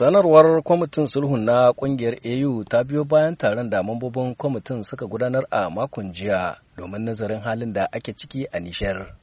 Sanarwar kwamitin sulhun na kungiyar AU ta biyo bayan taron da mambobin kwamitin suka gudanar a makon jiya domin nazarin halin da ake ciki a Nishar.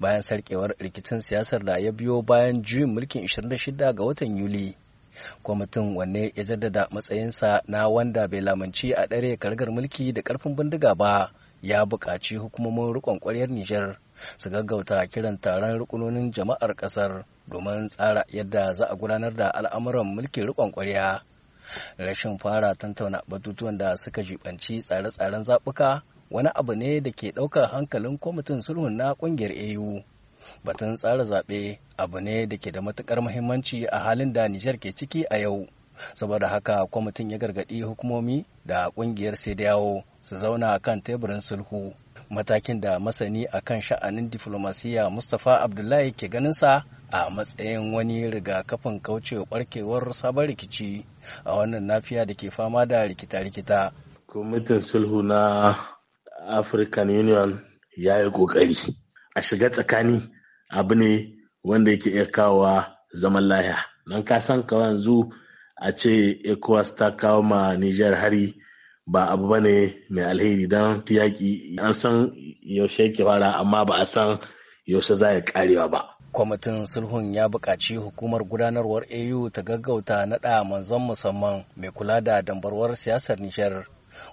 Bayan sarkewar rikicin siyasar da ya biyo bayan juyin mulkin 26 ga watan Yuli. Kwamitin wanne ya jaddada matsayinsa na wanda bai lamanci a ɗare kargar mulki da karfin bindiga ba ya buƙaci hukumomin riƙon ƙwaryar Nijar su gaggauta kiran taron rukunonin jama'ar kasar domin tsara yadda za a gudanar da al'amuran mulkin rikon kwarya rashin fara tantauna batutuwan da suka jibanci tsare-tsaren zaɓuka wani abu ne da ke ɗaukar hankalin kwamitin sulhun na ƙungiyar au batun tsara zaɓe abu ne da ke da matuƙar muhimmanci a halin da nijar ke ciki a yau saboda haka kwamitin ya gargaɗi hukumomi da ƙungiyar sai da yawo su zauna a kan teburin sulhu matakin da masani a kan sha'anin diflomasiyya, mustapha abdullahi ke ganinsa a matsayin wani rigakafin kauce barkewar sabon rikici a wannan nafiya da ke fama da rikita-rikita kwamitin sulhu na african union ya yi kokari a shiga tsakani abu ne wanda yake iya kawo zaman lahiya don ka san ka yanzu a ce ECOWAS ta kawo ma Nijar hari ba abu bane mai alheri don yaƙi an san yaushe ke fara amma ba a san yaushe za ya karewa ba. Kwamitin sulhun ya buƙaci hukumar gudanarwar AU ta gaggauta naɗa manzon musamman mai kula da dambarwar siyasar Nijar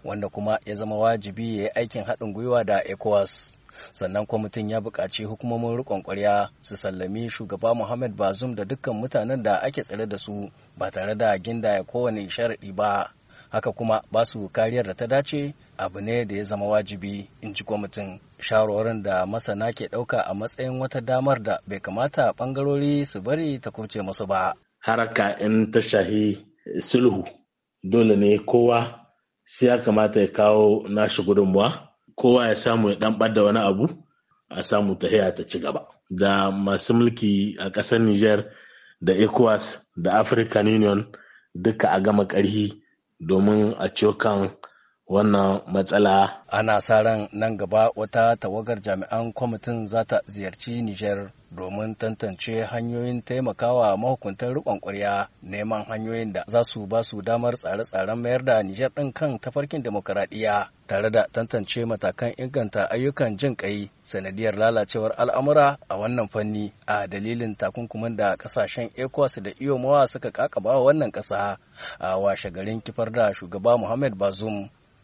wanda kuma ya zama wajibi ya yi aikin haɗin gwiwa da ECOWAS. sannan kwamitin ya buƙaci hukumomin riƙon ƙwarya su sallami shugaba Muhammad Bazum da dukkan mutanen da ake tsare da su ba tare da ginda ya kowane sharaɗi ba. Haka kuma ba su kariyar da ta dace abu ne da ya zama wajibi in ji kwamitin. Shawarwarin da masana ke ɗauka a matsayin wata damar da bai kamata ɓangarori su bari ta kubce musu ba. Haraka in ta shahi sulhu dole ne kowa sai ya kamata ya kawo nashi gudunmuwa kowa ya samu ya dan da wani abu a samu tahiya ta ci gaba da masu mulki a ƙasar niger da ecowas da african union duka a gama ƙarhi domin a ciyo kan wannan matsala. Ana sa ran nan gaba wata tawagar jami'an kwamitin za ta ziyarci Nijar domin tantance hanyoyin taimakawa mahukuntan rikon ƙwarya neman hanyoyin da za su ba su damar tsare-tsaren mayar da Nijar ɗin kan tafarkin demokaradiyya tare da tantance matakan inganta ayyukan jin ƙai sanadiyar lalacewar al'amura a wannan fanni a dalilin takunkumin da ƙasashen ECOWAS da iyomawa suka kakaba wannan ƙasa a washe garin kifar da shugaba Muhammad Bazoum